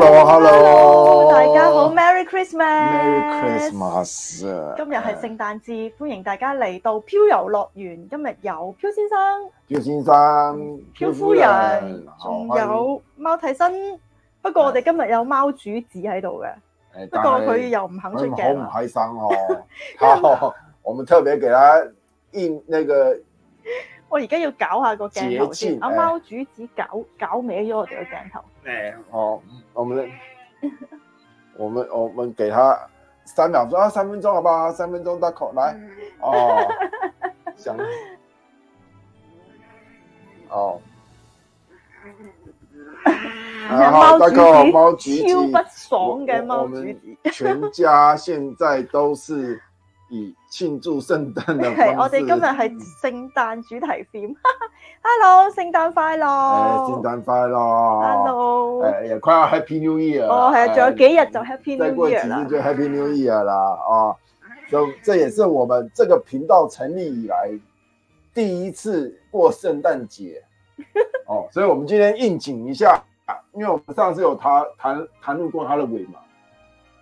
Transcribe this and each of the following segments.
Hello, hello, hello, hello，大家好，Merry Christmas，Merry Christmas 今日係聖誕節，歡迎大家嚟到漂遊樂圓。今日有漂先生，漂先生，漂夫人，仲有貓替身。不過我哋今日有貓主子喺度嘅，不過佢又唔肯出鏡，好唔開心哦、啊。好， 我們特別給他印那個。我而家要搞下個鏡頭先，阿、欸、貓主子搞搞歪咗我哋個鏡頭、欸。好，我們 我們，我們，我們，給他三秒鐘啊，三分鐘，好不好？三分鐘大口來，哦， 想，哦， 啊，貓主子，貓主子超不爽嘅，貓主子，我我主子 我全家現在都是。以慶祝聖誕的方式，係我哋今日係聖誕主題片、 hey。Hello，聖誕快樂！聖誕快樂！Hello，哎呀，快要 Happy New Year 啦！哦、oh，係啊，仲有幾日就 Happy New Year 啦！再過幾日就 Happy New Year 啦！哦、 啊，就這也是我們這個頻道成立以來第一次過聖誕節哦，所以，我們今天應景一下，因為我們上次有談談談論過他的鬼嘛。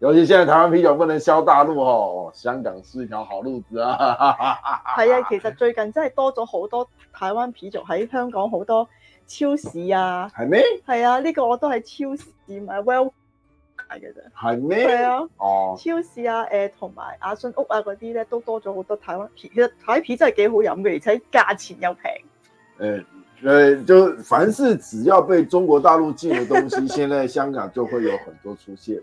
尤其現在台灣啤酒不能銷大陸哦，香港是一條好路子啊。係啊，其實最近真係多咗好多台灣啤酒喺香港好多超市啊。係咩？係啊，呢、這個我都喺超市買 Well 解嘅啫。係咩？係啊，哦，超市啊，誒、呃，同埋阿信屋啊嗰啲咧都多咗好多台灣啤酒，其實台灣啤酒真係幾好飲嘅，而且價錢又平。誒、呃、誒，就凡是只要被中國大陸禁嘅東西， 現在香港就會有很多出現。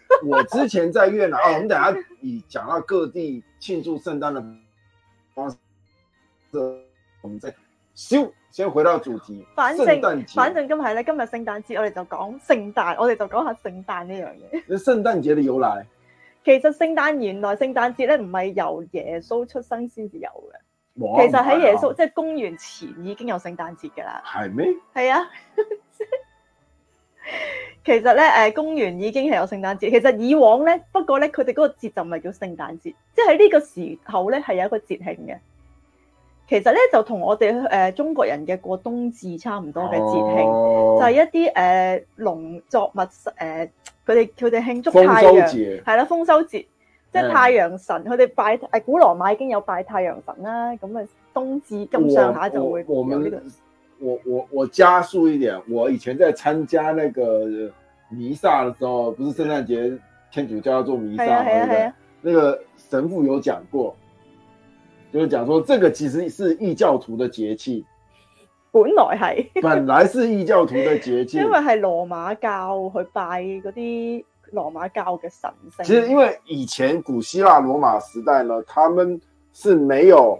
我之前在越南啊，我們等下以講到各地慶祝聖誕的方式，我們再先先回到主題。反正聖誕節，反正今日咧，今日聖誕節，我哋就講聖誕，我哋就講下聖誕呢樣嘢。聖誕節的由來，其實聖誕原來聖誕節咧唔係由耶穌出生先至有嘅，其實喺耶穌、啊、即係公元前已經有聖誕節噶啦，係咩？係啊。 其實咧，誒，公元已經係有聖誕節。其實以往咧，不過咧，佢哋嗰個節就唔係叫聖誕節，即係喺呢個時候咧係有一個節慶嘅。其實咧就同我哋誒、呃、中國人嘅過冬至差唔多嘅節慶，哦、就係一啲誒農作物誒佢哋佢哋慶祝太陽，係啦，豐收節，節即係太陽神，佢哋拜誒古羅馬已經有拜太陽神啦。咁啊，冬至咁上下就會有呢個。我我我加速一點。我以前在參加那個彌撒的時候，不是聖誕節，天主教要做彌撒，對、啊的對啊，那個神父有講過，就是講說這個其實是異教徒的節氣，本來是 本來是異教徒的節氣，因為是羅馬教去拜嗰啲羅馬教嘅神聖。其實因為以前古希臘羅馬時代呢，他們是沒有。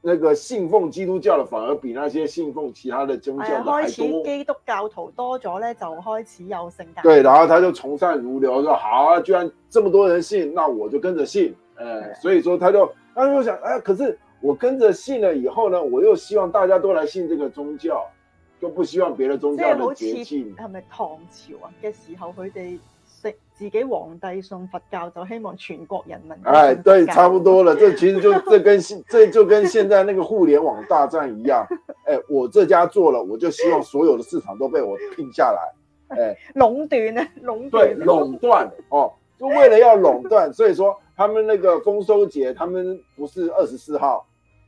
那個信奉基督教的反而比那些信奉其他的宗教都開始基督教徒多咗咧，就開始有性格。對，然後他就從善如流，說好啊，居然這麼多人信，那我就跟着信。誒，所以說他就，他就想，誒，可是我跟着信了以後呢，我又希望大家都來信這個宗教，就不希望別的宗教。即係好似係咪唐朝啊嘅時候佢哋？自己皇帝送佛教就希望全國人民，哎，對，差不多了。這其實就，這跟現， 這就跟現在那個互聯網大戰一樣，哎。我這家做了，我就希望所有的市場都被我拼下來。哎，壟斷，壟斷，對，壟斷哦。就為了要壟斷， 所以說他們那個豐收節，他們不是二十四號，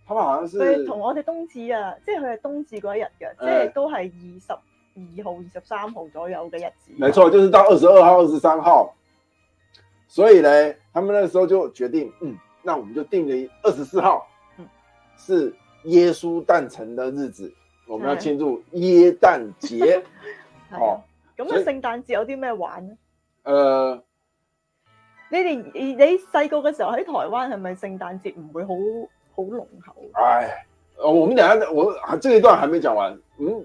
他們好像是同我哋冬至啊，即係佢係冬至嗰一日嘅，哎，即係都係二十，二號、二十三號左右嘅日子，沒錯，就是到二十二號、二十三號。所以呢，他們那時候就決定，嗯，那我們就定了二十四號、嗯，是耶穌誕辰的日子，我們要慶祝耶誕節。嗯、誕節 哦，咁 啊，那麼聖誕節有啲咩玩呢？誒、呃，你哋你細個嘅時候喺台灣係咪聖誕節唔會好好濃厚？唉、哎，我們等下，我這一段還沒講完，嗯。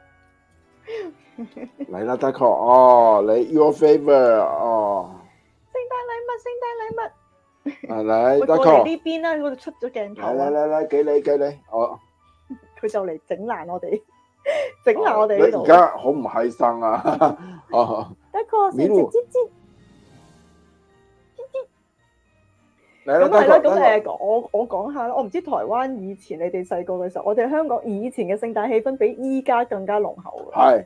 嚟 啦，得確哦，你 your favour 哦，聖誕禮物，聖誕禮物，嚟，得確呢邊啦，嗰度出咗鏡頭，嚟嚟嚟，俾你俾你，哦，佢就嚟整爛我哋，整爛我哋、這個，你而家好唔開心啊，你、oh. 哦、嗯，得確，咁係啦，咁誒、啊嗯，我我講下啦，我唔知台灣以前你哋細個嘅時候，我哋香港以前嘅聖誕氣氛比依家更加濃厚，係。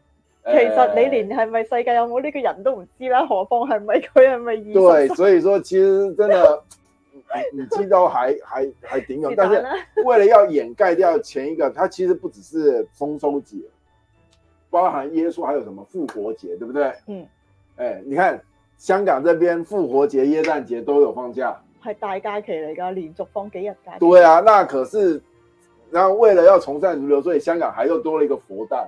其實你連係咪世界有冇呢個人都唔知啦，哎，何況係咪佢係咪二？對，所以說其實真的、 哎、你知道，還還還頂用，但是為了要掩蓋掉前一個，它其實不只是豐收節，包含耶穌還有什麼復活節，對不對？嗯，哎、你看香港這邊復活節、耶誕節都有放假，係大假期嚟噶，連續放幾日假。對啊，那可是，然後為了要從善如流，所以香港還又多了一個佛誕。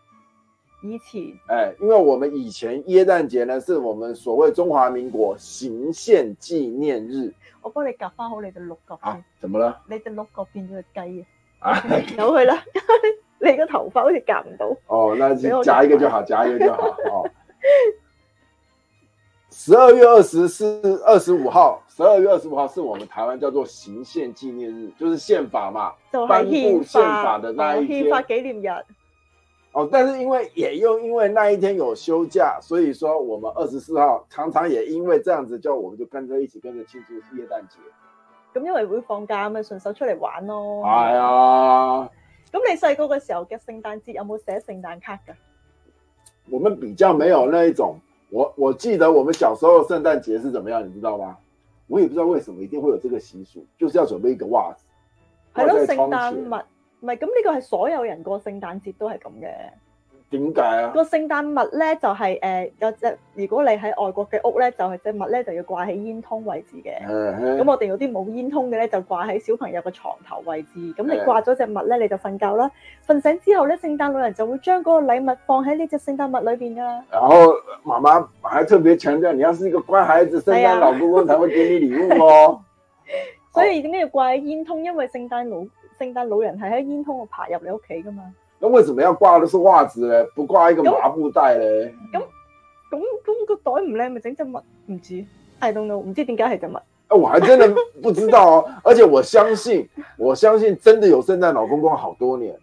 以前，誒、哎，因為我們以前耶誕節呢，是我們所謂中華民國行憲紀念日。我幫你夾翻好你隻鹿角。啊，怎麼啦？你隻鹿角變咗隻雞啊？啊，走去啦！ 你個頭髮好似夾唔到。哦，那夾一個就好，夾一個就好。好 、哦，十二月二十四、二十五號，十二月二十五號是我們台灣叫做行憲紀念日，就是憲法嘛，就反、是、頒布憲法的那一天，憲法紀念日。哦，但是因為也又因為那一天有休假，所以說我們二十四號常常也因為這樣子，就我們就跟着一起跟着慶祝耶誕節。咁、嗯、因為會放假咪順手出嚟玩咯。係、哎、啊。咁你細個嘅時候嘅聖誕節有冇寫聖誕卡㗎？我們比較沒有那一種。我我記得我們小時候聖誕節是怎麼樣，你知道嗎？我也不知道為什麼一定會有這個習俗，就是要準備一個襪子。係咯，聖誕襪。唔係，咁呢個係所有人過聖誕節都係咁嘅。點解啊？那個聖誕襪咧就係、是、誒、呃、有隻，如果你喺外國嘅屋咧，就係、是、隻襪咧就要掛喺煙通位置嘅。咁、哎、我哋有啲冇煙通嘅咧，就掛喺小朋友嘅床頭位置。咁你掛咗隻襪咧、哎，你就瞓覺啦。瞓醒之後咧，聖誕老人就會將嗰個禮物放喺呢隻聖誕襪裏邊噶。然後媽媽還特別強調，你要是一個乖孩子，聖誕老公公才會給你禮物、哦。哎、 所以點解要掛喺煙通？因為聖誕老。聖誕老人係喺煙囪度爬入你屋企噶嘛？咁，為什麼要掛的是襪子咧？不掛一個麻布袋咧？咁咁咁個袋唔靚，咪整隻襪唔知？I don't know，唔知點解係隻襪？誒、啊，我還真的不知道哦、啊。 而且我相信，我相信真的有聖誕老公公。好多年，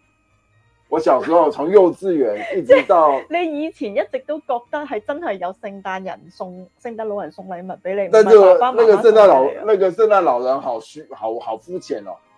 我小時候從幼稚園一直到你以前一直都覺得係真係有聖誕人送聖誕老人送禮物俾你。但就不是爸爸媽媽那個聖誕老，那個聖誕老人好虛，好好膚淺哦。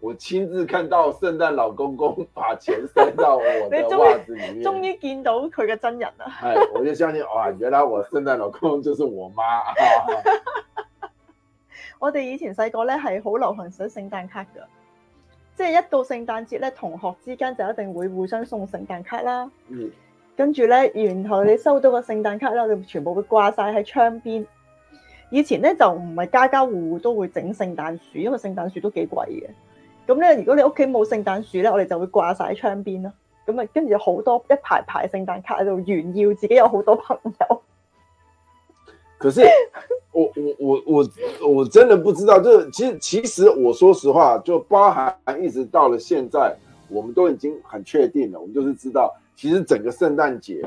我親自看到聖誕老公公把錢塞到我的襪子裡面。你終於，終於見到佢嘅真人啦！係， 我就相信，哇！原來我聖誕老公公就是我媽、啊、 我哋以前細個咧係好流行寫聖誕卡噶，即、就、係、是、一到聖誕節咧，同學之間就一定會互相送聖誕卡啦。嗯，跟住咧，然後你收到個聖誕卡啦，就全部會掛晒喺窗邊。以前咧就唔係家家戶戶都會整聖誕樹，因為聖誕樹都幾貴嘅。咁咧，如果你屋企冇聖誕樹咧，我哋就會掛晒喺窗邊咯。咁啊，跟住有好多一排排聖誕卡喺度炫耀自己有好多朋友。可是我我我我我真的不知道，就其實其實，其實我說實話，就包含一直到了現在，我們都已經很確定了，我們就是知道，其實整個聖誕節，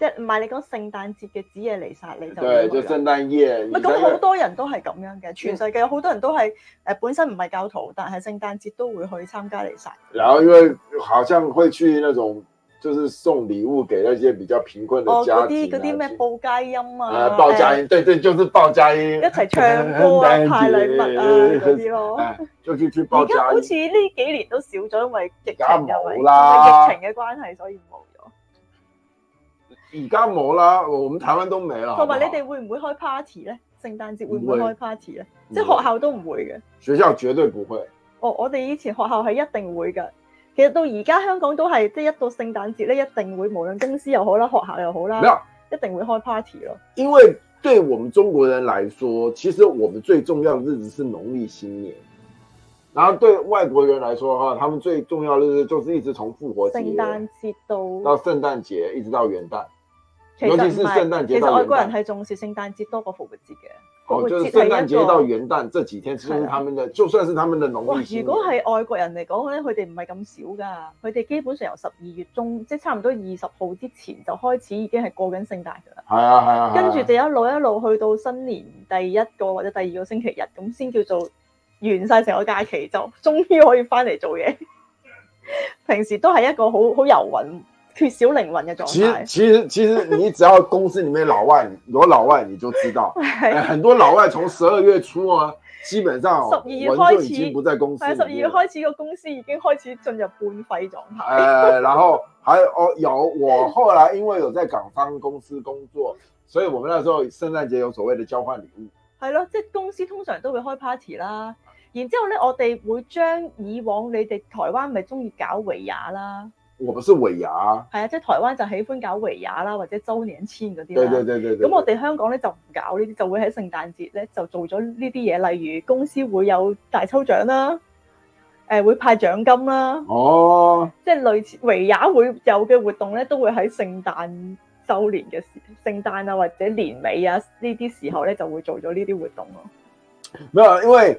即係唔係你講聖誕節嘅子夜彌撒你就？對，就聖誕夜啊！咪咁好多人都係咁樣嘅，全世界有好多人都係誒本身唔係教徒，但係聖誕節都會去參加彌撒。然後因為好像會去那種，就是送禮物給那些比較貧困嘅家庭。哦，嗰啲嗰啲咩報佳音啊？啊，報佳音，對對，就是報佳音，一齊唱歌啊，派禮物啊嗰啲咯。就係去報佳音。而家好似呢幾年都少咗，因為疫情又係疫情嘅關係，所以冇。而家冇啦，我我們台灣都沒啦。同埋你哋會唔會開 party 咧？聖誕節會唔會開 party 咧？即係學校都唔會嘅。學校絕對不會。哦，我哋以前學校係一定會嘅。其實到而家香港都係，即係一到聖誕節咧，一定會，無論公司又好啦，學校又好啦，一定會開 party 咯。因為對我們中國人來說，其實我們最重要的日子是農曆新年。然後對外國人來說嘅話，他們最重要的日子就是一直從復活節、聖誕節到到聖誕節，一直到元旦。尤其是聖誕節其實，其實外國人係重視聖誕節多過復活節嘅。哦，就係、是、聖誕節到元旦這幾天，其實、啊就是、他們的就算是他們嘅農曆。如果係外國人嚟講咧，佢哋唔係咁少噶，佢哋基本上由十二月中，即係差唔多二十號之前就開始已經係過緊聖誕噶啦。係啊係啊。跟住、啊啊、就一路一路去到新年第一個或者第二個星期日，咁先叫做完晒成個假期，就終於可以翻嚟做嘢。 平時都係一個好好遊魂。缺少靈魂嘅狀態。其實其實其實，你只要公司裡面老外有 老外，你就知道， 很多老外從十二月初啊，基本上十、哦、二月開始已經不在公司。十二月開始個公司已經開始進入半廢狀態。誒、哎，然後係哦、哎、有我後來因為有在港方公司工作， 所以我們那時候聖誕節有所謂的交換禮物。係咯，即係公司通常都會開 party 啦。然之後咧，我哋會將以往你哋台灣咪鍾意搞尾牙啦。我唔是尾牙，係啊，即係台灣就喜歡搞尾牙啦，或者周年千嗰啲。對對對對，咁我哋香港咧就唔搞呢啲，就會喺聖誕節咧就做咗呢啲嘢，例如公司會有大抽獎啦，誒、呃、會派獎金啦。哦。即係類似尾牙會有嘅活動咧，都會喺聖誕周年嘅時，聖誕啊或者年尾啊呢啲時候咧，就會做咗呢啲活動咯、啊。咩？因為？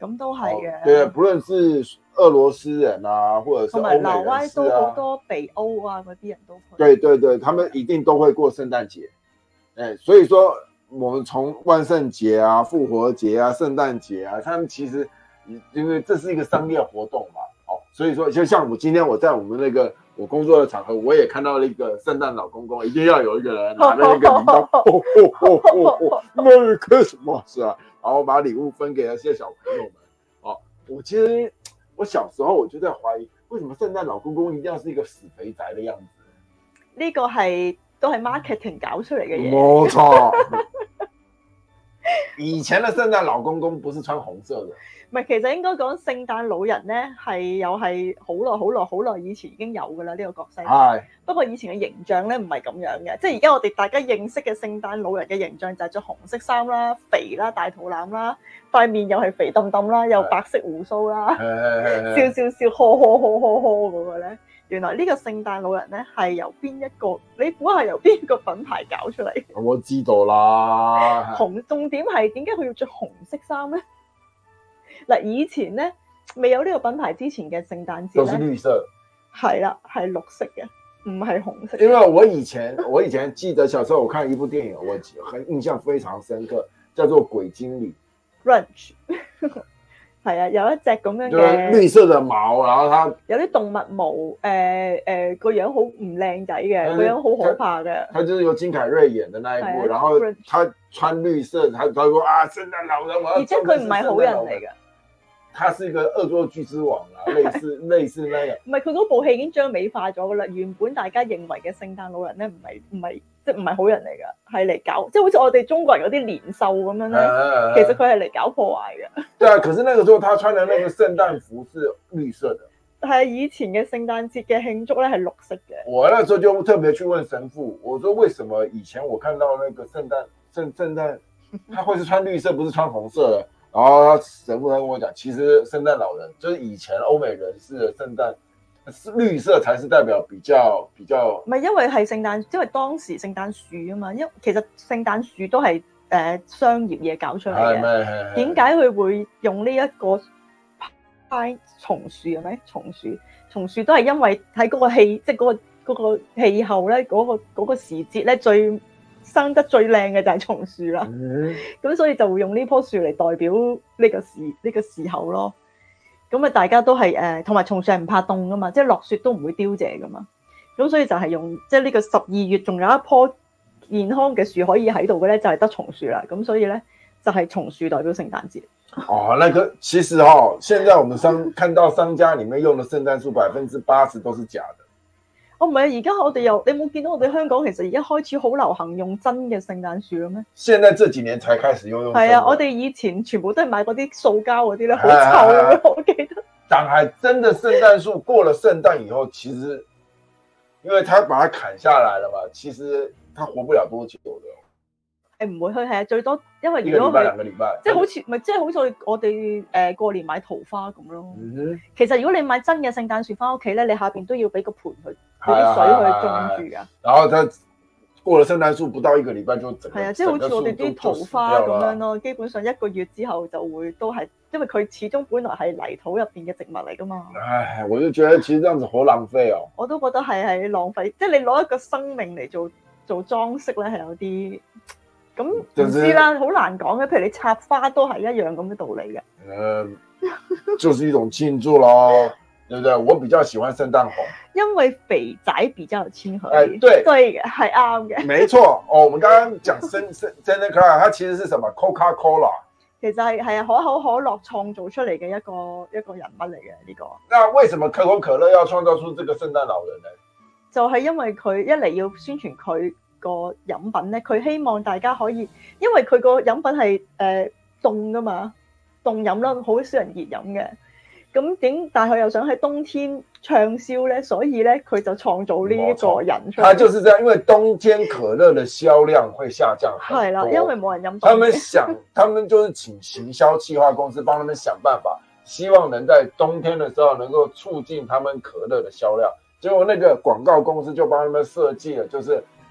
咁都係嘅、哦，對，不論是俄羅斯人啊，或者是、啊、老外，都好多北歐啊嗰啲人都會，對對對，他們一定都會過聖誕節，誒、欸，所以說，我們從萬聖節啊、復活節啊、聖誕節啊，他們其實因為這是一個商業活動嘛，好、哦，所以說，就像我今天我在我們那個。我工作的場合，我也看到了一個聖誕老公公，一定要有一個人拿着一個禮物、 哦，哦哦哦哦哦，Merry Christmas，、哦、是啊，然後把禮物分給那些小朋友們。哦，我其實我小時候我就在懷疑，為什麼聖誕老公公一定要是一個死肥宅的樣子？這個係都係 marketing 搞出嚟嘅嘢，冇錯。 以前嘅聖誕老公公不是穿紅色嘅？唔係，其實應該講聖誕老人咧，係又係好耐好耐好耐以前已經有噶啦呢個角色。係、哎、不過以前嘅形象咧唔係咁樣嘅，即係而家我哋大家認識嘅聖誕老人嘅形象就係着紅色衫啦，肥啦，大肚腩啦，塊面又係肥掟掟啦，又白色鬍鬚啦、哎，笑笑笑呵呵呵呵呵嗰個咧。原來呢個聖誕老人咧係由邊一個，你估下由邊個品牌搞出嚟？我知道啦。紅，重點係點解佢要着紅色衫咧？嗱，以前咧未有呢個品牌之前嘅聖誕節咧，綠色，係啦係綠色嘅，唔係紅色。因為我以前我以前記得，小時候我看一部電影，我很印象非常深刻，叫做《鬼精靈》。 係啊，有一隻咁樣嘅綠色嘅毛，然後它有啲動物毛，誒誒個樣好唔靚仔嘅，個樣，的他個樣好可怕嘅。佢就係由金凱瑞演嘅那一部，啊、然後佢穿綠色，佢佢說啊聖誕老人，我而且佢唔係好人嚟嘅。他是一個惡作劇之王啊， 類似類似那樣。唔係佢嗰部戲已經將美化咗噶啦，原本大家認為嘅聖誕老人咧，唔係唔係即係唔係好人嚟噶，係嚟搞，即係好似我哋中國人有啲年獸咁樣咧。 其實佢係嚟搞破壞嘅。 對啊，可是那個時候他穿的那個聖誕服是綠色的。係 啊，以前嘅聖誕節嘅慶祝咧係綠色嘅。我、啊、那時候就特別去問神父，我說為什麼以前我看到那個聖誕聖聖誕，他會是穿綠色，不是穿紅色的？ 啊、哦，成夫人同跟我講，其實聖誕老人就是以前歐美人士聖誕綠色，才是代表比較比較。唔係因為係聖誕，因為當時聖誕樹啊嘛，因為其實聖誕樹都係誒、呃、商業嘢搞出嚟嘅。係係係。點解佢會用呢、這、一個番松樹？係咪松樹？松樹都係因為喺嗰個氣，即係嗰個、那個氣候咧，嗰、那個嗰、那個時節咧最。生得最靚嘅就係松樹啦，咁、嗯、所以就會用呢棵樹嚟代表呢個時呢、這個時候咯。咁啊，大家都係誒、同、呃、埋松樹係唔怕凍噶嘛，即、就、係、是、落雪都唔會凋謝噶嘛。咁所以就係用即係呢個十二月仲有一棵健康嘅樹可以喺度嘅咧，就係、是、得松樹啦。咁所以咧就係、是、松樹代表聖誕節。哦、嗱、那、咁、個，其實哦，現在我們商看到商家裏面用嘅聖誕樹百分之八十都是假嘅。哦、現在我唔係啊，而家我哋又，你冇見到我哋香港其實而家開始好流行用真嘅聖誕樹嘞咩？現在這幾年才開始用用。係啊，我哋以前全部都係買嗰啲塑膠嗰啲咧，好臭嘅、啊啊啊啊，我記得。但係真嘅聖誕樹過了聖誕以後，其實因為佢把它砍下來啦嘛，其實它活不了多久了。誒，唔會去，係啊，最多，因為如果佢即係好似，唔即係好似我哋誒、呃、過年買桃花咁咯。Mm -hmm. 其實如果你買真嘅聖誕樹翻屋企咧，你下邊都要俾個盆佢，俾啲水佢種住噶，啊啊啊啊。然後佢過了聖誕樹，不到一個禮拜就係啊，嗯，整即係好似我哋啲桃花咁樣咯。基本上一個月之後就會都係，因為佢始終本來係泥土入邊嘅植物嚟噶嘛。唉，我就覺得其實樣子好浪費哦。我都覺得係係浪費，即係你攞一個生命嚟做做裝飾咧，係有啲。咁唔知啦，好、就是、難講嘅。譬如你插花都係一樣咁嘅道理嘅。誒、呃，就是一種慶祝咯， 對唔對，對？我比較喜歡聖誕紅，因為肥仔比較有親和、哎。對，對係啱嘅。沒錯，哦，我們剛剛講聖聖 Santa Claus，它其實是什麼？Coca Cola。其實係係啊，是可口可樂創造出嚟嘅一個一個人物嚟嘅呢個。那為什麼可口可樂要創造出這個聖誕老人咧？就係、是、因為佢一嚟要宣傳佢。個飲品咧，佢希望大家可以，因為佢個飲品係誒凍噶嘛，凍飲啦，好少人熱飲嘅。咁點但係佢又想喺冬天暢銷咧，所以咧佢就創造呢一個人出嚟。他就是這樣，因為冬天可樂的銷量會下降，係 啦，因為冇人飲。 他們想，他們就是請行銷企劃公司幫他們想辦法，希望能在冬天的時候能夠促進他們可樂的銷量。結果那個廣告公司就幫他們設計了，就是。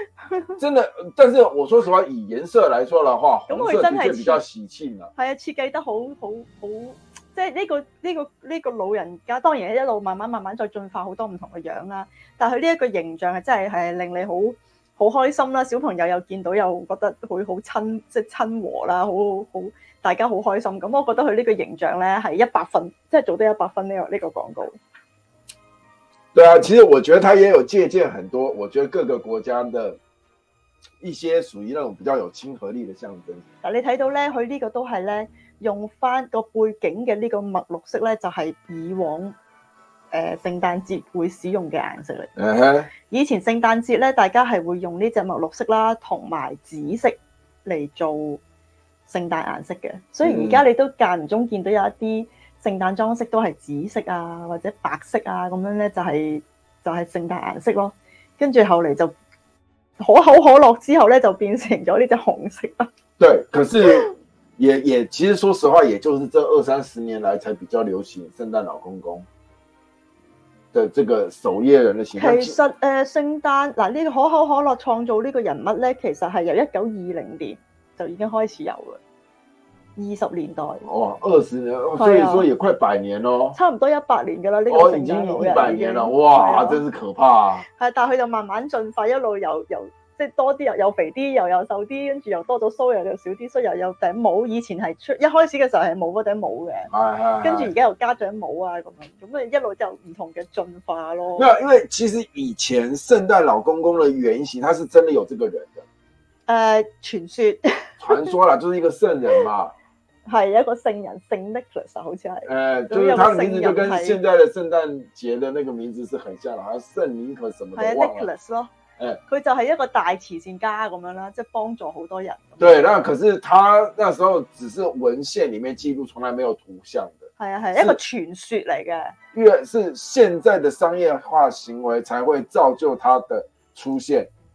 真的，但是我說實話，以顏色來說的話，咁佢真係比較喜慶啦。係啊，設計得好好好，即係呢個呢個呢個老人家，當然係一路慢慢慢慢再進化好多唔同嘅樣啦。但係呢一個形象係真係係令你好好開心啦。小朋友又見到又覺得佢好親，即係親和啦，好好大家好開心。咁我覺得佢呢個形象呢，係一百分，即係做得一百分呢個呢個廣告。對啊，其實我覺得佢也有借鑒很多，我覺得各個國家的一些屬於那種比較有親和力的象徵。但你睇到咧，佢呢個都係咧用翻個背景嘅呢個墨綠色咧，就係以往誒聖誕節會使用嘅顏色嚟。Uh-huh. 以前聖誕節咧，大家係會用呢隻墨綠色啦，同埋紫色嚟做聖誕顏色嘅，所以而家你都間唔中見到有一啲。聖誕裝飾都係紫色啊，或者白色啊，咁樣咧，就係、是、就係聖誕顏色咯。跟住後嚟，就可口可樂之後咧，就變成咗呢隻紅色啦。對，可是也也其實說實話，也就是這二三十年來才比較流行聖誕老公公的這個守夜人的形象。其實誒，聖誕嗱呢個可口可樂創造呢個人物咧，其實係由一九二零年就已經開始有啦。二十年代哦，二十年、哦，所以說也快百年咯，啊、差唔多一百年噶啦，呢個已經有一百年啦，哇、啊，真是可怕、啊！係，但佢就慢慢進化，一路又又即係多啲又又肥啲，又又瘦啲，跟住又多咗鬚，又又少啲所以又有頂帽。以前係出一開始嘅時候係冇嗰頂帽嘅，係、哎哎哎、跟住而家又加咗帽啊咁樣，咁啊一路就唔同嘅進化咯。因為其實以前聖誕老公公嘅原型，他是真的有這個人嘅，誒、呃，傳說，傳說啦，就是一個聖人嘛。 係一個聖人，聖 Nicholas 好似係，誒，就是他的名字就跟現在的聖誕節的那個名字是很像的，啊，聖 Nich 可什麼都忘咗，Nicholas 咯，誒，佢就係一個大慈善家咁樣啦，即係幫助好多人。對，那可是他那時候只是文獻裏面記錄，從來沒有圖像的。係啊，係一個傳說嚟嘅，因為是現在的商業化行為，才會造就他的出現。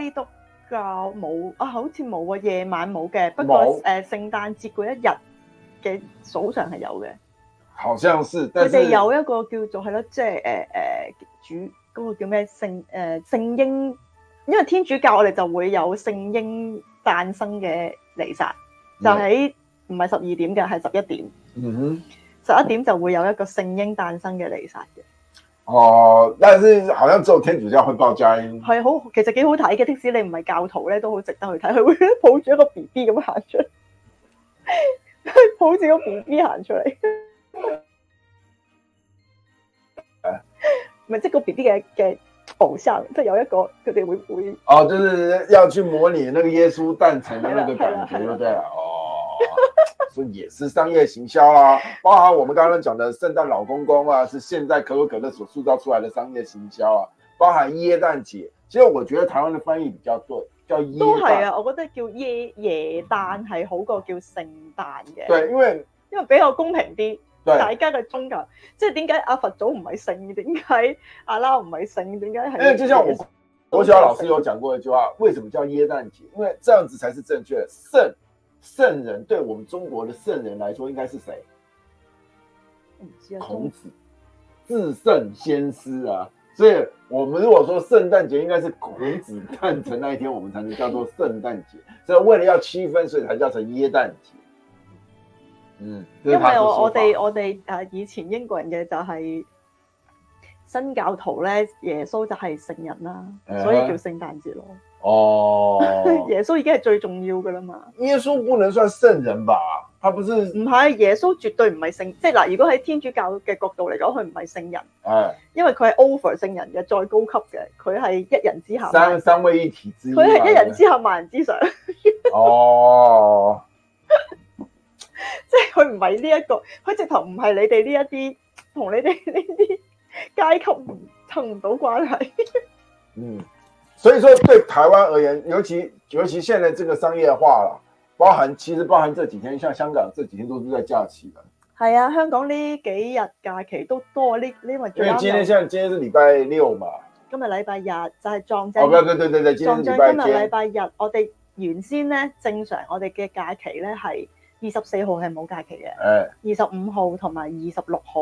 基督教冇啊，好似冇啊，夜晚冇嘅。不過誒、呃，聖誕節嗰一日嘅早上係有嘅。好像是，佢哋有一個叫做係咯，即係誒誒主嗰、嗰個叫咩聖誒、呃、聖嬰，因為天主教我哋就會有聖嬰誕生嘅彌撒，就喺唔係十二點嘅係十一點，嗯、十一點就會有一個聖嬰誕生嘅彌撒嘅。哦，但是好像只有天主教會報佳音，係好，其實幾好睇嘅，即使你唔係教徒咧，都好值得去睇。佢會抱住一個 B B 咁行出嚟，抱住個 B B 行出嚟，係咪即係個 B B 嘅嘅偶像，即係、就是、有一個佢哋會會哦，就是要去模擬那個耶穌誕辰嘅那個感覺，對不對？哦。 啊、所以也是商業行銷啊，包含我們剛剛講的聖誕老公公啊，是現在可口可樂所塑造出來的商業行銷啊，包含耶誕節。其實我覺得台灣的翻譯比較對，叫耶。都係啊，我覺得叫耶耶誕係好過叫聖誕嘅。對，因為因為比較公平啲，對，大家嘅宗教，即係點解阿佛祖唔係聖？點解阿拉唔係聖？點解係？因為，就像我，羅小老師有講過一句話，為什麼叫耶誕節？因為這樣子才是正確聖。聖人對我們中國的聖人來說，應該是誰？孔子，至聖先師啊！所以我們如果說聖誕節，應該是孔子誕辰那一天， 我們才能叫做聖誕節。所以為了要區分，所以才叫成耶誕節。嗯，因為我我哋我哋誒，以前英國人嘅就係新教徒咧，耶穌就係聖人啦，所以叫聖誕節咯。哦、oh，耶穌已經係最重要噶啦嘛？耶穌不能算聖人吧？他不是，唔係，耶穌絕對唔係聖，即係嗱，如果喺天主教嘅角度嚟講，佢唔係聖人，誒、oh，因為佢係 over 聖人嘅，再高級嘅，佢係一人之下，三三位一體之，佢係一人之下萬人之上，哦，oh. 即係佢唔係呢一個，佢直頭唔係你哋呢一啲，同你哋呢啲階級層唔到關係，嗯、oh.。所以說對台灣而言，尤其尤其現在這個商業化啦，包含其實包含這幾天，像香港這幾天都是在假期啦。係啊，香港呢幾日假期都多呢，因為最因為今天像今天是禮拜六嘛。今日禮拜日就係撞正。哦，對，對，對，撞正今日禮拜日。我哋原先咧正常我哋嘅假期咧係二十四號係冇假期嘅，二十五號同埋二十六號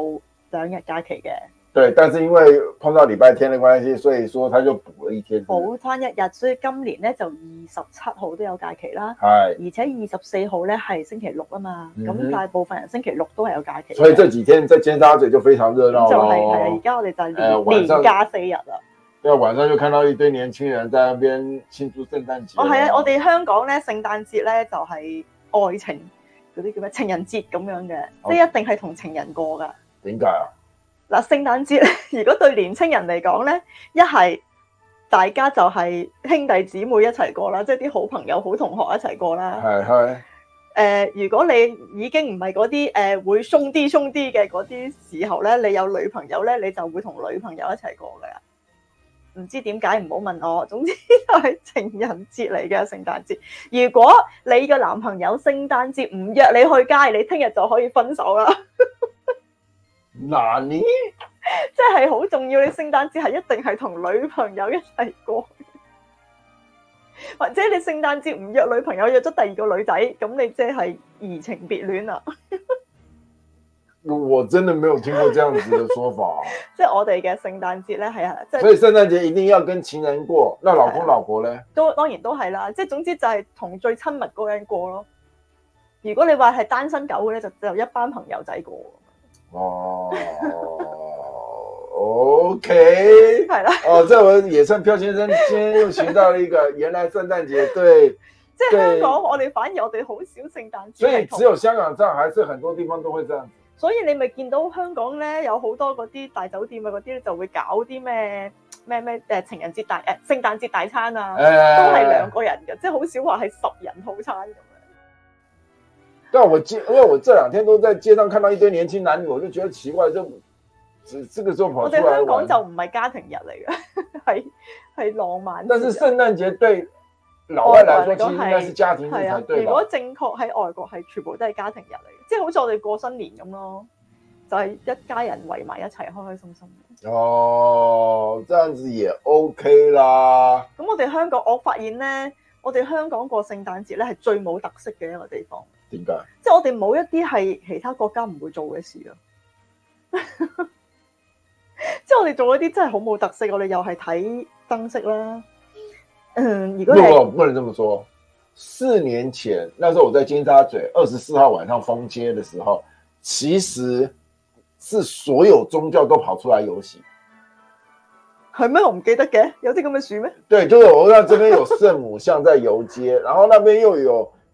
兩日假期嘅。對，但是因為碰到禮拜天嘅關係，所以說他就補了一天，補返一日，所以今年咧就二十七號都有假期啦。係，而且二十四號咧係星期六啊嘛，咁、嗯、大部分人星期六都係有假期，所以這幾天在尖沙咀就非常熱鬧。就係係啊，而家我哋就連年假四日啦。對，晚上就看到一堆年輕人在那邊慶祝聖誕節。哦，係啊，我哋香港咧聖誕節咧就係、是、愛情嗰啲叫咩？情人節咁樣嘅，即係一定係同情人過㗎。點解啊？嗱，聖誕節，如果對年青人嚟講咧，一係大家就係兄弟姊妹一齊過啦，即係啲好朋友、好同學一齊過啦。係係。誒，如果你已經唔係嗰啲誒會鬆啲鬆啲嘅嗰啲時候咧，你有女朋友咧，你就會同女朋友一齊過噶。唔知點解唔好問我。總之都係情人節嚟嘅聖誕節。如果你嘅男朋友聖誕節唔約你去街，你聽日就可以分手啦。 嗱，呢，即係好重要，你聖誕節係一定係同女朋友一齊過，或者你聖誕節唔約女朋友，約咗第二個女仔，咁你即係移情別戀啦。 我真係沒有聽過這樣子嘅說法。即 係我哋嘅聖誕節咧，係啊，即、就、係、是、所以聖誕節一定要跟情人過，啊、那老公老婆咧，都當然都係啦。即係總之就係同最親密嗰個人過咯。如果你話係單身狗嘅咧，就就一班朋友仔過。哦、 oh，OK，係啦，哦，即係我野生漂先生，今天又學到一個，原來聖誕節對，對，即係香港， 我哋反而我哋好少聖誕節，所以只有香港這樣，還是很多地方都會這樣。所以你咪見到香港呢，有好多嗰啲大酒店啊，嗰啲就會搞啲咩咩咩誒，情人節大誒，呃、聖誕節大餐啊， 都係兩個人嘅， 即係好少話係十人套餐。因為我因為我這兩天都在街上看到一堆年輕男女，我就覺得奇怪，就這這個時候跑出嚟玩。我哋香港就唔係家庭日嚟嘅，係 係浪漫。但是聖誕節對老外來說，其實應該是家庭日才對。如果正確喺外國係全部都係家庭日嚟嘅，即係好似我哋過新年咁咯，就係一家人圍埋一齊開開心心。哦，這樣子也 OK 啦。咁我哋香港，我發現呢，我哋香港過聖誕節呢係最冇特色嘅一個地方。點解？即係我哋冇一啲係其他國家唔會做嘅事咯。 即係我哋做一啲真係好冇特色，我哋又係睇燈飾啦。嗯，如果，如果不能這麼說，四年前那時候我在尖沙咀二十四號晚上封街嘅時候，其實是所有宗教都跑出來遊行。係咩？我唔記得嘅，有啲咁嘅樹咩？對，就是我話，這邊有聖母像在遊街， 然後那邊又有。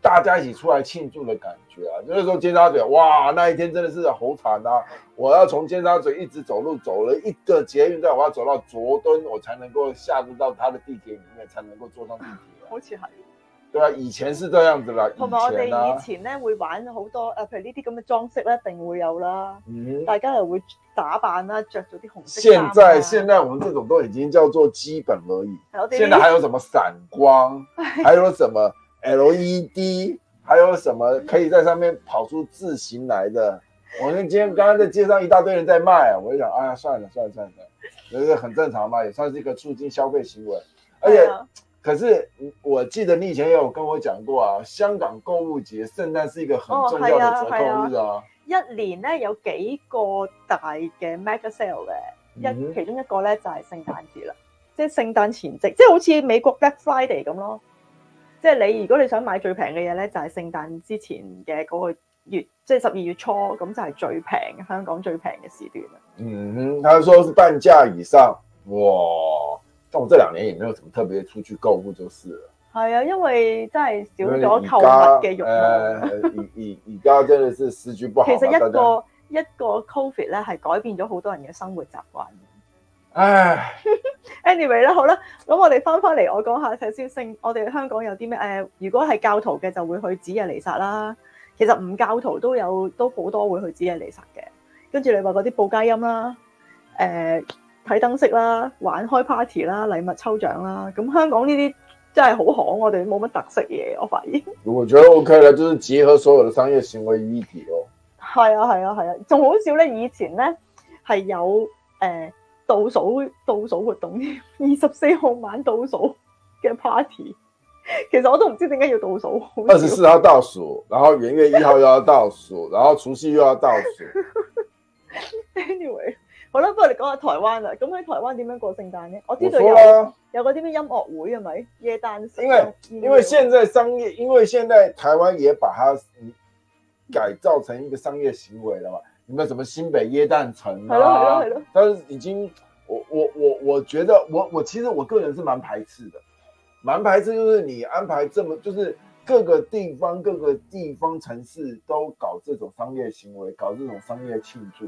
大家一起出來慶祝的感覺啊！就是說尖沙咀哇，那一天真的是好慘啊，我要從尖沙咀一直走路，走了一個捷運站，我要走到佐敦，我才能夠下得到他的地鐵裏面，才能夠坐上地鐵，啊。好似係對啊，以前是這樣子啦，嗯以前啊，我們以前呢，以前呢會玩好多啊，譬如呢啲咁嘅裝飾一定會有啦。嗯，大家又會打扮啦，啊，着咗啲紅色，啊。現在現在我們這種都已經叫做基本而已。 現在還有什麼閃光，還有什麼？ L E D 還有什麼可以在上面跑出字型來的？我們今天剛剛在街上一大堆人在賣，我就想，哎、啊、呀，算了算了算了，這個很正常嘛，也算是一個促進消費行為。而且、啊，可是我記得你以前也有跟我講過啊，香港購物節，聖誕是一個很重要的折扣日啊，啊，啊，啊。一年呢有幾個大嘅 mega sale 嘅、嗯，一其中一個呢，就係聖誕節了，即係聖誕前夕，即係好似美國 Black Friday 咁咯。即係你如果你想買最平嘅嘢咧，就係、是、聖誕之前嘅嗰個月，即係十二月初咁就係最平，香港最平嘅時段啦。嗯哼，他說是半價以上，哇！但我這兩年也沒有什麼特別出去購物，就是啦。係啊，因為真係少咗購物嘅慾望。而而而家真係是時局不好、啊。其實一個一個 covid 咧係改變咗好多人嘅生活習慣。唉 ，anyway 啦，好啦，咁我哋翻翻嚟，我講下睇先。聖，我哋香港有啲咩？誒、呃，如果係教徒嘅，就會去子夜彌撒啦。其實唔教徒都有，都好多會去子夜彌撒嘅。跟住你話嗰啲報佳音啦，誒、呃，睇燈飾啦，玩開 party 啦，禮物抽獎啦。咁香港呢啲真係好巷，我哋冇乜特色嘢，我發現。我覺得 OK 啦，就是結合所有嘅商業行為，easy 咯、哦。係 啊，係啊，係啊，仲、啊、好少咧。以前咧係有誒。呃倒數倒數活動，二十四號晚倒數嘅 party，其實我都唔知點解要倒數。二十四號要倒數，然後元月一號又要倒數， 然後除夕又要倒數。Anyway，好啦，不如你講下台灣啦。咁喺台灣點樣過聖誕呢我、啊？我知道有有啲咩音樂會係咪耶誕？因為因為現在商業，因為現在台灣也把它改造成一個商業行為啦嘛。有，有什麼新北耶誕城啦、啊？但是已經，我我我我覺得，我我其實我個人是蠻排斥的，蠻排斥就是你安排這麼，就是各個地方各個地方城市都搞這種商業行為，搞這種商業慶祝，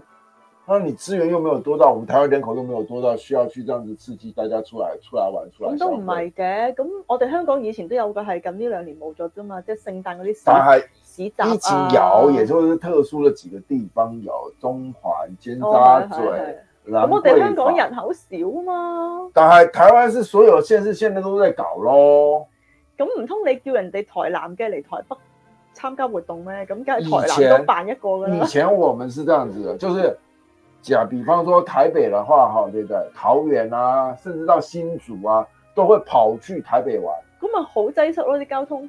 那你資源又沒有多到，我們台灣人口又沒有多到，需要去這樣子刺激大家出來出來玩出來。咁都唔係嘅，咁我哋香港以前都有嘅，係咁呢兩年冇咗啫嘛，即係聖誕嗰啲。但係。只集啊，也就是特殊的幾個地方有中環、尖沙咀。咁、哦、我哋香港人口少嘛，但係台灣是所有縣市，現在都在搞咯。咁唔通你叫人哋台南嘅嚟台北參加活動咩？咁梗係台南都辦一個啦。以前我們是這樣子嘅，就是假，比方說台北的話，哈，對不對，桃園啊，甚至到新竹啊，都會跑去台北玩。咁咪好擠塞咯啲交通。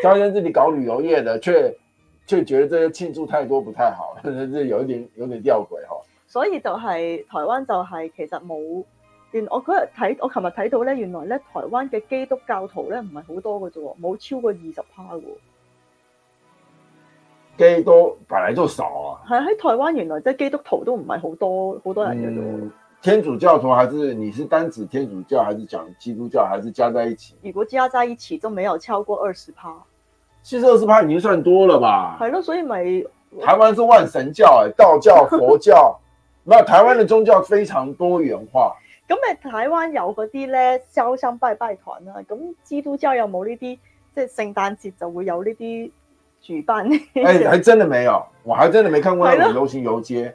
漂先生自己搞旅遊業的，卻卻覺得這些慶祝太多不太好，這有一點有點吊詭。所以就係、是、台灣就係其實冇原我嗰日睇我琴日睇到咧，原來咧台灣嘅基督教徒咧唔係好多嘅啫，冇超過二十趴嘅。基督本來都傻啊，係喺台灣原來即係基督徒都唔係好多好多人嘅、就、啫、是。嗯天主教徒還是你是單指天主教還是講基督教還是加在一起？如果加在一起都沒有超過二十趴，其實二十趴已經算多了吧。反正所以沒台灣是萬神教 道教、佛教，那台灣的宗教非常多元化。咁誒，台灣有嗰啲咧燒香拜拜團啊。咁基督教有冇呢啲？即係聖誕節就會有呢啲舉辦咧、 欸？還真的沒有，我還真的沒看過有遊行遊街。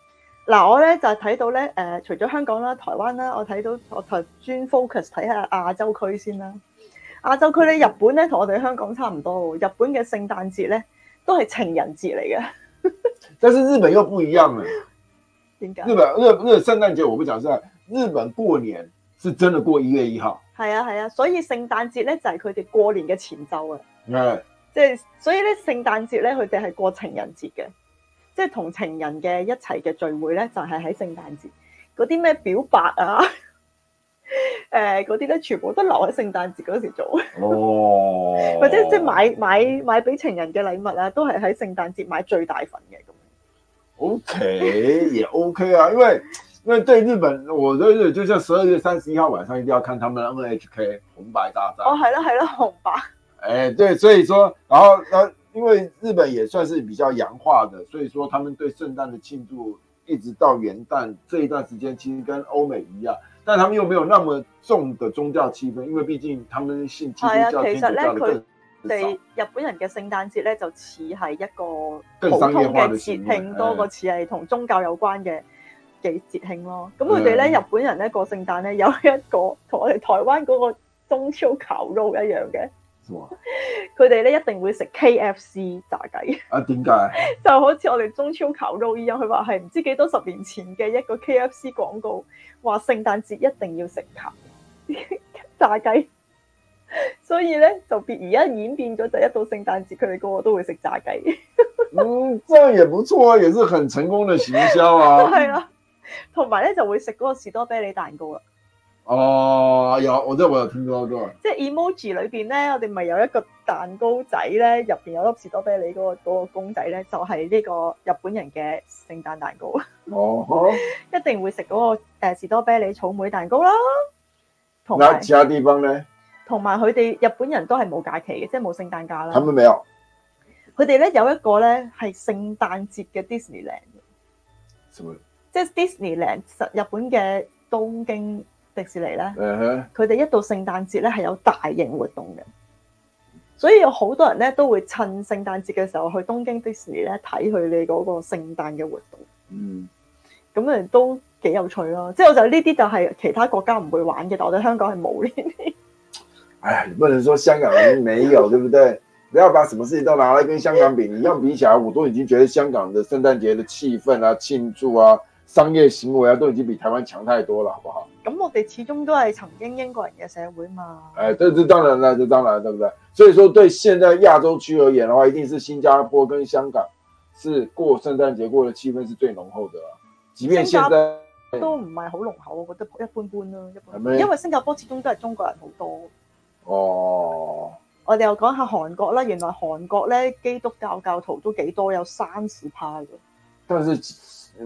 嗱，我咧就係睇到咧，誒、呃，除咗香港啦、台灣啦，我睇到我台專 focus 睇下亞洲區先啦。亞洲區咧，日本咧同我哋香港差唔多，日本嘅聖誕節咧都係情人節嚟嘅。 但是日本又唔一樣啊？點解？日本日日聖誕節我唔講曬，日本過年是真的過一月一號。係啊係啊，所以聖誕節咧就係佢哋過年嘅前奏啊。即、嗯、係、就是、所以咧，聖誕節咧佢哋係過情人節嘅。即係同情人嘅一齊嘅聚會咧，就係喺聖誕節。嗰啲咩表白啊，誒嗰啲咧，全部都留喺聖誕節嗰時做。哦，或者即係買買買俾情人嘅禮物啊，都係喺聖誕節買最大份嘅咁。O K，也 O K 啊，因為，因為對日本，我我我覺得就像十二月三十一號晚上一定要看他們 N H K 紅白大賽。哦，係啦，係啦，紅白。誒，對，所以說，然後，然後。因為日本也算是比較洋化的，所以說他們對聖誕的慶祝，一直到元旦這一段時間，其實跟歐美一樣，但他們又沒有那麼重的宗教氣氛，因為畢竟他們信基督教，對、啊，其實咧佢哋日本人嘅聖誕節咧就似係一個普通嘅節慶，多、嗯那個似係同宗教有關嘅幾節慶咯。咁佢哋咧日本人咧過聖誕咧有一個同我哋台灣嗰個中秋烤肉一樣嘅。佢哋咧一定會食 KFC 炸雞啊？點解？就好似我哋中秋求路一樣，佢話係唔知幾多十年前嘅一個 KFC 廣告，話聖誕節一定要食炸雞，所以咧就變，而家演變咗，就是，一到聖誕節佢哋個個都會食炸雞。嗯，這樣也不錯啊，也是很成功的行銷啊。係 啊，同埋咧就會食嗰個士多啤梨蛋糕啦。哦，有我即係我又聽過，即係 emoji 裏邊咧，我哋咪有一個蛋糕仔咧，入邊有粒士多啤梨嗰個嗰個公仔咧，就係呢個日本人嘅聖誕蛋糕。哦，好，一定會食嗰個誒士多啤梨草莓蛋糕啦。同埋其他地方咧，同埋佢哋日本人都係冇假期嘅，即係冇聖誕假啦。睇到未哦？佢哋咧有一個咧係聖誕節嘅 Disneyland。什麼？即係 Disneyland 實日本嘅東京迪士尼咧，佢哋 uh-huh. 一到聖誕節咧係有大型活動嘅，所以有好多人咧都會趁聖誕節嘅時候去東京迪士尼咧睇佢哋嗰個聖誕嘅活動。嗯、uh-huh.，咁啊都幾有趣咯。即係我就呢啲就係其他國家唔會玩嘅，但係我哋香港係冇呢啲。哎，你不能說香港人沒有， 對唔對？你要把什麼事情都拿嚟跟香港比，你要比起來，我都已經覺得香港嘅聖誕節嘅氣氛啊、慶祝啊，商業行為啊，都已經比台灣強太多了，好不好？咁我哋始終都係曾經英國人嘅社會嘛。誒、哎，這當然啦，這當然，對不對？所以說對現在亞洲區而言嘅話，一定是新加坡跟香港，是過聖誕節過嘅氣氛是最濃厚嘅。即便現在都唔係好濃厚，我覺得一般般啦、啊，一般般。因為新加坡始終都係中國人好多。哦，我哋又講下韓國啦。原來韓國咧基督教教徒都幾多，有三十趴嘅。但是。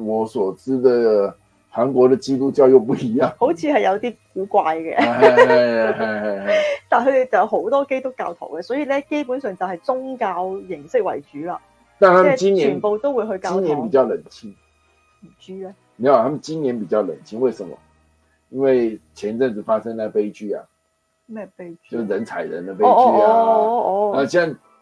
我所知的韓國的基督教又不一樣，好似係有啲古怪嘅 ，是 是是 但佢哋就有好多基督教徒嘅，所以咧基本上就係宗教形式為主啦。但係佢哋今年、就是、全部都會去教今年比較冷清。唔知咧，你好，他們今年比較冷清，為什麼？因為前陣子發生咗悲劇啊，咩悲劇、啊？就人踩人的悲劇啊哦哦哦哦哦，啊，即係。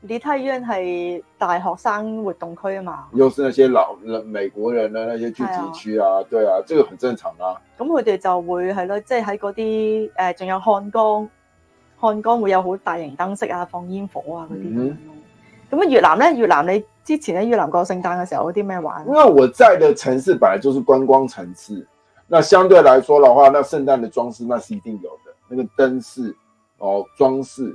你睇依樣係大學生活動區啊嘛，又是那些老美國人的那些聚集區啊，哎，對啊，這個很正常啊。咁佢哋就會係咯，即係喺嗰啲誒，仲、就是呃、有漢江，漢江會有好大型燈飾啊、放煙火啊嗰啲咁啊，越南咧，越南你之前喺越南過聖誕嘅時候有啲咩玩？因為我在嘅城市，本來就是觀光城市，那相對來說嘅話，那聖誕的裝飾，那是一定有的，那個燈飾，哦，裝飾。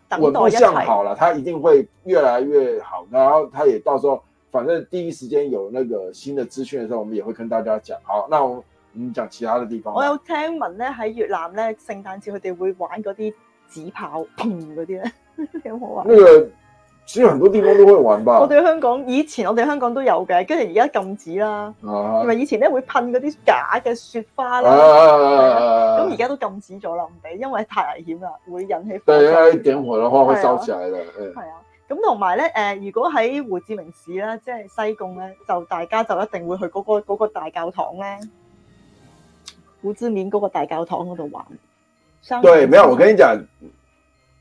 我步向好了，他一定會越來越好。然後，他也到時候，反正第一時間有那個新的資訊的時候，我們也會跟大家講。好，那我們講其他的地方。我有聽聞咧喺越南咧，聖誕節佢哋會玩嗰啲紙炮，砰嗰啲咧，幾好玩的。那個只要很多地方都可以玩吧。 我哋香港以前我哋香港都有嘅，跟住而家禁止啦。同埋，uh-huh，以前咧會噴嗰啲假嘅雪花啦。咁而家都禁止咗啦，唔俾，因為太危險啦，會引起火災，對，現在會燒起。對啊，啲鏡河咧可以收起啦。係啊，咁同埋咧，誒，如果喺胡志明市咧，即係西貢咧，就大家就一定會去嗰、嗰個嗰個大教堂咧，古之面嗰個大教堂嗰度玩。對，沒有，我跟你講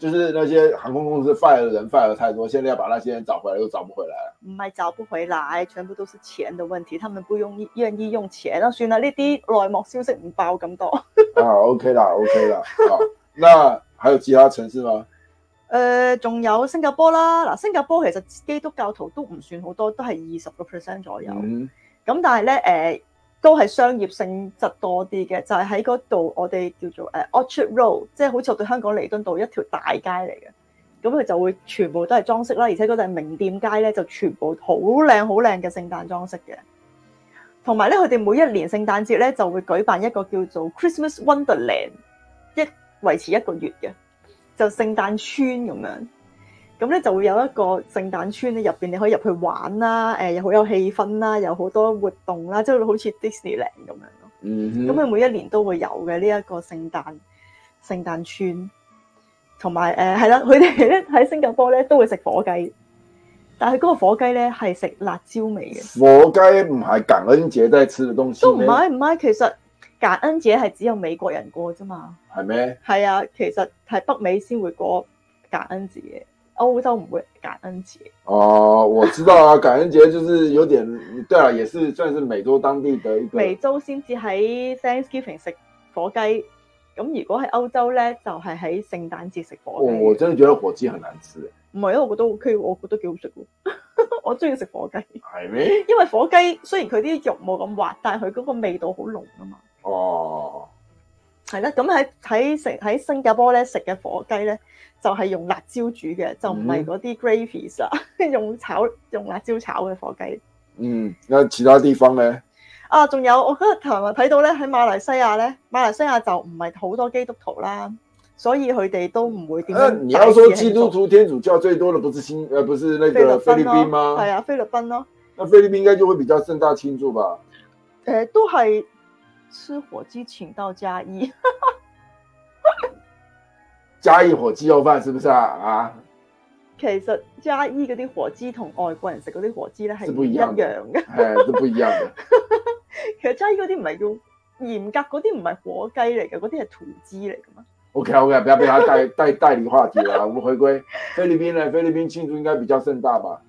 就是那些航空公司 fire 的人 fire 的太多，現在要把那些人找回來又找不回來了，唔係找不回來，全部都是錢的問題，他們不用願意用錢咯、啊。算啦，呢啲內幕消息唔爆咁多 啊。OK 啦，OK 啦。好， 那還有其他城市嗎？誒、呃，仲有新加坡啦。嗱，新加坡其實基督教徒都唔算好多，都係二十個 percent 左右。咁、嗯、但係咧，誒、呃。都係商業性質多啲嘅，就係喺嗰度我哋叫做 Orchard Road，即係好似我哋香港彌敦道一條大街嚟嘅，咁佢就會全部都係裝飾啦，而且嗰陣名店街咧就全部好靚好靚嘅聖誕裝飾嘅，同埋咧佢哋每一年聖誕節咧就會舉辦一個叫做 Christmas Wonderland，一維持一個月嘅，就聖誕村咁樣。咁咧就會有一個聖誕村咧，入邊你可以入去玩啦。誒，又好有氣氛啦，有好多活動啦，即係好似 Disneyland 咁樣咯。嗯哼，咁佢每一年都會有嘅呢一個聖誕聖誕村，同埋誒係啦。佢哋咧喺新加坡咧都會食火雞，但係嗰個火雞咧係食辣椒味嘅火雞，唔係感恩節在吃嘅東西，都唔係唔係。其實感恩節係只有美國人過啫嘛，係咩？係啊，其實係北美先會過感恩節嘅。歐洲唔會感恩節哦，uh, 我知道啊，感恩節就是有點 對啊，也是算是美洲當地的一個。美洲先至喺 Thanksgiving 食火雞，咁如果喺歐洲呢，就係喺聖誕節食火雞。Oh, 我真係覺得火雞很難食，唔係，因為我覺得佢，我覺得幾、OK, 好食， 我中意食火雞，係咩？因為火雞雖然佢啲肉冇咁滑，但係佢嗰個味道好濃啊嘛。哦, oh, 係啦，咁喺喺食喺新加坡咧食嘅火雞呢。就係、是、用辣椒煮嘅，就唔係嗰啲 gravy 啊，嗯、 用炒用辣椒炒嘅火雞。嗯，那其他地方咧？啊，仲有我今日頭日睇到咧，喺馬來西亞咧，馬來西亞就唔係好多基督徒啦，所以佢哋都唔會點樣。誒、啊，你要說基督徒天主教最多的不是新誒、呃，不是那個菲律賓，哦、菲律賓嗎？係啊，菲律賓咯、哦。那菲律賓應該就會比較盛大慶祝吧？誒、呃，都係吃火雞請到加一。 嘉義火雞肉飯是不是啊？啊，其實嘉義嗰啲火雞同外國人食嗰啲火雞咧係唔一樣嘅，係，係唔一樣嘅。 其實嘉義嗰啲唔係用嚴格，嗰啲唔係火雞嚟嘅，嗰啲係豚脂嚟噶嘛。OK OK，俾下俾下，帶帶帶你話題啦，我回歸菲律賓咧，菲律賓慶祝應該比較盛大吧？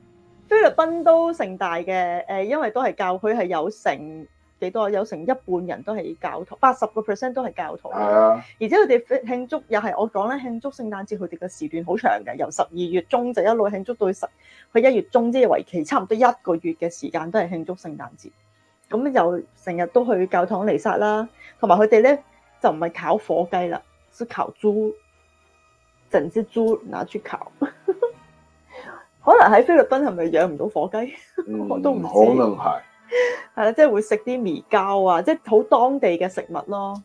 菲律賓都盛大嘅，誒，因為都係教區係有成。幾多，有成一半人都係教徒，八十個 percent 都係教徒。係啊，而且佢哋慶祝，又係我講咧，慶祝聖誕節佢哋嘅時段好長嘅，由十二月中就一路慶祝到十，去一月中，即係為期差唔多一個月嘅時間都係慶祝聖誕節。咁咧就成日都去教堂嚟殺啦，同埋佢哋咧就唔係烤火雞啦，係烤豬，整隻豬拿去烤。 可能喺菲律賓係咪養唔到火雞？我都唔可能係。係啦，即係會食啲米糕啊，即係好當地嘅食物咯。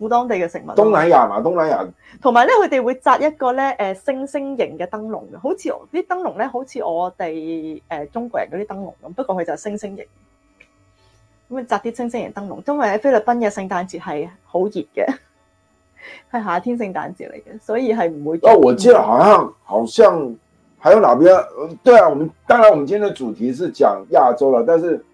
好當地嘅食物。東南亞嘛，東南亞。同埋咧，佢哋會紮一個咧，誒、呃，星星形嘅燈籠嘅，好似啲燈籠咧，好似我哋誒、呃、中國人嗰啲燈籠咁，不過佢就係星星形。咁啊，紮啲星星形燈籠，因為喺菲律賓嘅聖誕節係好熱嘅，係夏天聖誕節嚟嘅，所以係唔會。哦，我知啦，好像，好像，還有哪邊？對啊，我們當然，我們今天的主題是講亞洲啦，但是。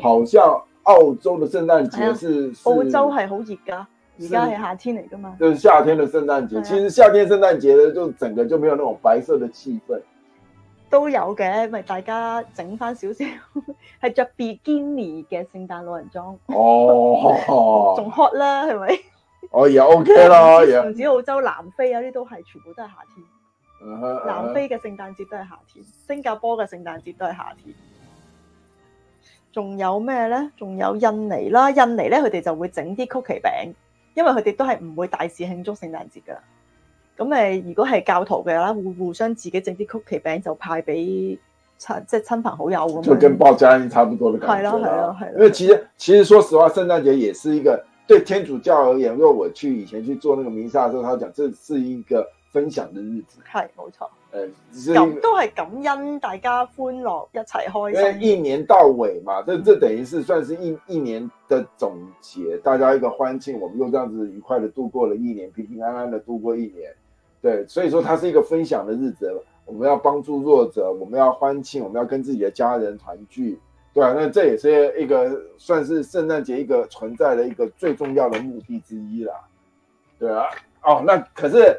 好像澳洲嘅聖誕節是，是、啊、澳洲係好熱噶，而家係夏天嚟噶嘛？即係夏天嘅聖誕節。其實夏天聖誕節咧，就整個就沒有那種白色嘅氣氛。都有嘅，咪大家整翻少少，係着比基尼嘅聖誕老人裝哦，仲 hot 啦，係咪？哦，又、yeah, OK 啦，唔、yeah. 止澳洲、南非嗰啲都係，全部都係夏天。Uh-huh, uh-huh. 南非嘅聖誕節都係夏天，新加坡嘅聖誕節都係夏天。仲有咩咧？仲有印尼啦，印尼咧佢哋就會整啲曲奇餅，因為佢哋都係唔會大肆慶祝聖誕節噶。咁咪如果係教徒嘅啦，互互相自己整啲曲奇餅就派俾親即係親朋好友咁。就跟報佳音差唔多嘅感覺。係咯係咯係。因為其實其實說實話，聖誕節也是一個對天主教而言。若我去以前去做那個彌撒時候，他講這是一個分享的日子。係，冇錯。都係感恩大家歡樂一齊開心，因為一年到尾嘛，這這等於是算是一一年的總結，大家一個歡慶，我們又這樣子愉快的度過了一年，平平安安的度過一年，對，所以說它是一個分享的日子，我們要幫助弱者，我們要歡慶，我們要跟自己的家人團聚，對啊，那這也是一個算是聖誕節一個存在的一個最重要的目的之一啦，對啊，哦，那可是。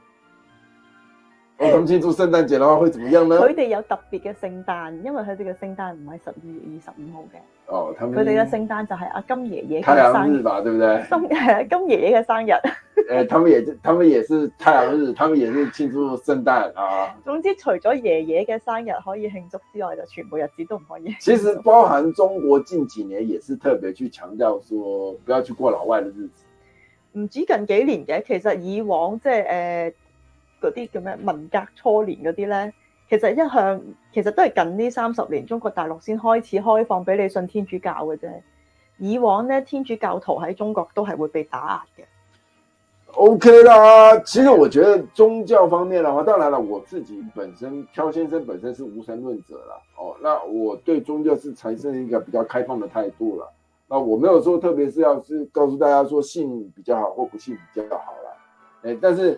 我諗慶祝聖誕節嘅話會怎麼樣咧？佢哋有特別嘅聖誕，因為佢哋嘅聖誕唔係十二月二十五號嘅。哦，佢哋嘅聖誕就係阿金爺爺嘅生日，日吧？對不對？金、啊、誒，金爺爺嘅生日。誒、欸，他們也，他們也是太陽日，他們也是慶祝聖誕啊。總之，除咗爺爺嘅生日可以慶祝之外，就全部日子都唔可以。其實包含中國近幾年也是特別去強調，說不要去過老外嘅日子。唔止近幾年嘅，其實以往即係誒。呃嗰啲叫咩？文革初年嗰啲咧，其實一向，其實都係近呢三十年,中國大陸先開始開放俾你信天主教嘅啫。以往咧，天主教徒喺中國都係會被打壓嘅。OK 啦，其實我覺得宗教方面啦，我當然啦，我自己本身，漂先生本身是無神論者啦，哦，那我對宗教是產生一個比較開放的態度啦。那我沒有說，特別是要是告訴大家說信比較好或不信比較好啦，誒，但是。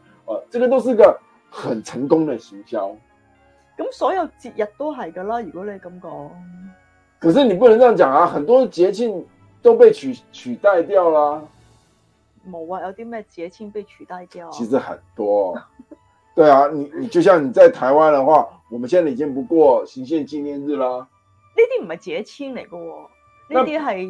啊、這個都是個很成功的行銷，咁所有節日都係噶啦，如果你咁講，可是你不能這樣講啊，很多節慶都被取取代掉啦。冇啊，有啲咩節慶被取代掉啊。其實很多，對啊，你你就像你在台灣的話， 我們現在已經不過行憲紀念日啦。呢啲唔係節慶嚟噶，呢啲係。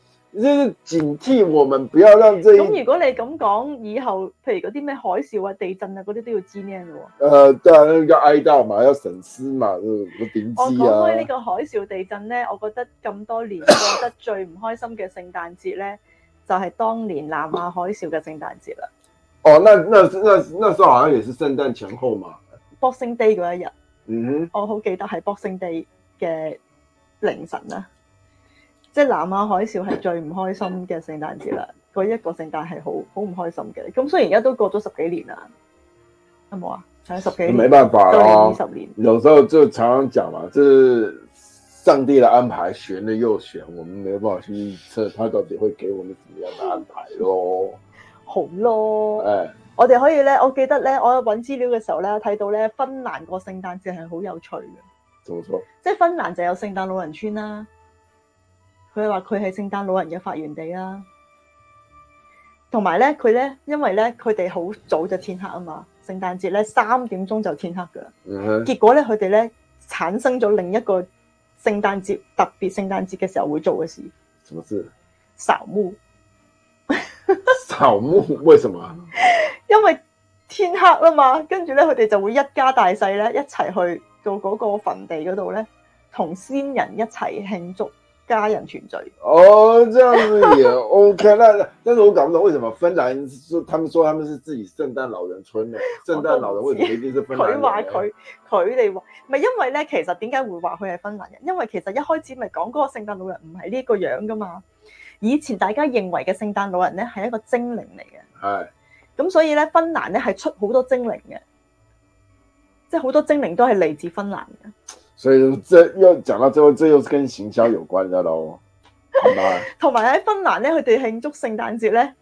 就是警惕我們，不要讓這咁、嗯、如果你咁講，以後譬如嗰啲咩海嘯啊、地震啊嗰啲都要知呢個、哦。誒、呃，但又危到嘛，又損失嘛，我點知啊？我講開呢個海嘯、地震咧，我覺得咁多年過得最唔開心嘅聖誕節咧，就係、是、當年南亞海嘯嘅聖誕節啦。哦，那那那那時候好像也是聖誕前後嘛。Boxing Day 嗰一日，嗯哼，我好記得係 Boxing Day 嘅凌晨啦。即係南亞海嘯係最唔開心嘅聖誕節啦，嗰一個聖誕係好好唔開心嘅。咁雖然而家都過咗十幾年啦，係咪啊？成十幾年，沒辦法啦、啊。二十年，有時候就常常講嘛，就是上帝嘅安排，玄之又玄，我們沒有辦法去猜到底可以給我們什麼樣的安排咯。好咯，誒，我哋可以咧，我記得咧，我揾資料嘅時候咧，睇到咧，芬蘭個聖誕節係好有趣嘅，冇錯。即係芬蘭就有聖誕老人村啦、啊。佢話：佢係聖誕老人嘅發源地啊，同埋咧，佢咧，因為咧，佢哋好早就天黑啊嘛。聖誕節咧，三點鐘就天黑噶、嗯。結果咧，佢哋咧產生咗另一個聖誕節特別聖誕節嘅時候會做嘅事，什麼事？掃墓。掃 墓？為什麼？因為天黑啦嘛，跟住咧，佢哋就會一家大細咧一齊去到嗰個墳地嗰度咧，同先人一齊慶祝。家人團聚，哦，這樣子也 OK 啦，但係我搞唔懂為什麼芬蘭說，他們說他們是自己聖誕老人村咧。聖誕老人，人，佢話佢佢哋話，咪因為咧，其實點解會話佢係芬蘭人？因為其實一開始咪講嗰個聖誕老人唔係呢個樣噶嘛。以前大家認為嘅聖誕老人咧係一個精靈嚟嘅。係咁，所以咧芬蘭咧係出好多精靈嘅，即係好多精靈都係嚟自芬蘭嘅。所以，這又講到最後，這又是跟行銷有關的咯。同埋，喺芬蘭咧，佢哋慶祝聖誕節咧，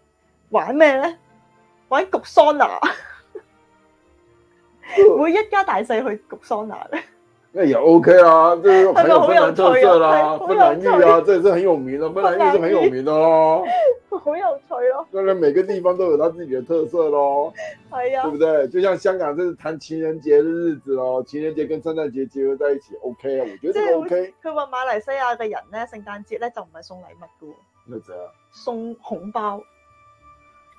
玩咩咧？玩焗桑拿，會 一家大細去焗桑拿咧。那、哎、也 OK 啊，這個、啊、很有芬蘭特色啦，芬蘭玉啊，是啊啊這也是很有名的，芬蘭玉是很有名的咯。好有趣咯，即係每個地方都有他自己的特色咯，係啊，對不對？就像香港，這是談情人節的日子咯，情人節跟聖誕節結合在一起，OK 啊，我覺得這個 OK。佢話馬來西亞嘅人咧，聖誕節咧就唔係送禮物噶，咩啫？送紅包。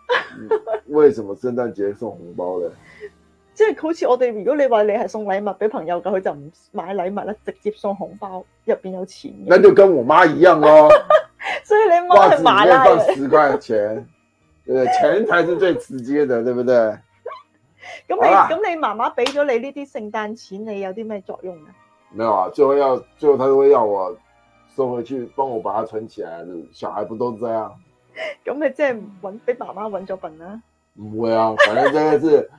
嗯、為什麼聖誕節送紅包咧？即係好似我哋，如果你話你係送禮物俾朋友嘅，佢就唔買禮物啦，直接送紅包入邊有錢。那就跟我媽一樣咯， 所以你媽去買啦。十塊錢，對 不對？錢才是最直接的，對不對？咁 你咁你媽媽俾咗你呢啲聖誕錢，你有啲咩作用啊？沒有啊，最後要最後，佢都會要我送回去，幫我把它存起來。小孩不都這樣？咁 你即係搵俾爸媽搵咗笨啦？唔會啊，反正真係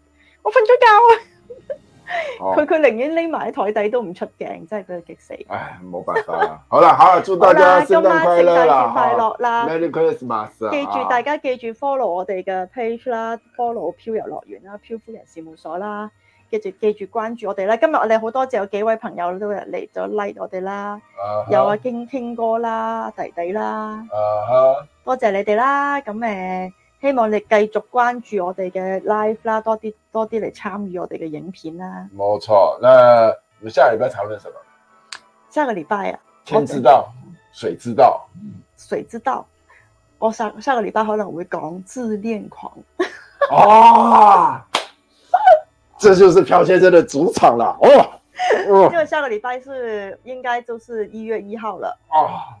我瞓咗覺啊、 oh.！佢佢寧願匿埋喺台底都唔出鏡，真係俾佢激死！唉，冇辦法啦。 好啦，好啦，祝大家聖誕節快樂啦 Merry Christmas！記住大家記住 follow 我哋嘅 page 啦、啊、follow 漂遊樂圓啦，漂夫人事務所啦，記住記住關注我哋啦。今日我哋好多謝有幾位朋友都嚟咗 like 我哋啦、uh -huh.，有啊，經傾哥啦、弟弟啦，uh -huh. 多謝你哋啦。咁誒～希望你繼續關注我哋嘅 live 啦，多啲多啲嚟參與我哋嘅影片啦。冇錯，那我下個禮拜討論什麼？下個禮拜啊？天知道，水知道，水知，知、嗯、知道。我下下個禮拜可能我會講自戀狂。哦， 哦 這就是漂先生的主場啦！哦， 因為下個禮拜是應該都是一月一號了。哦。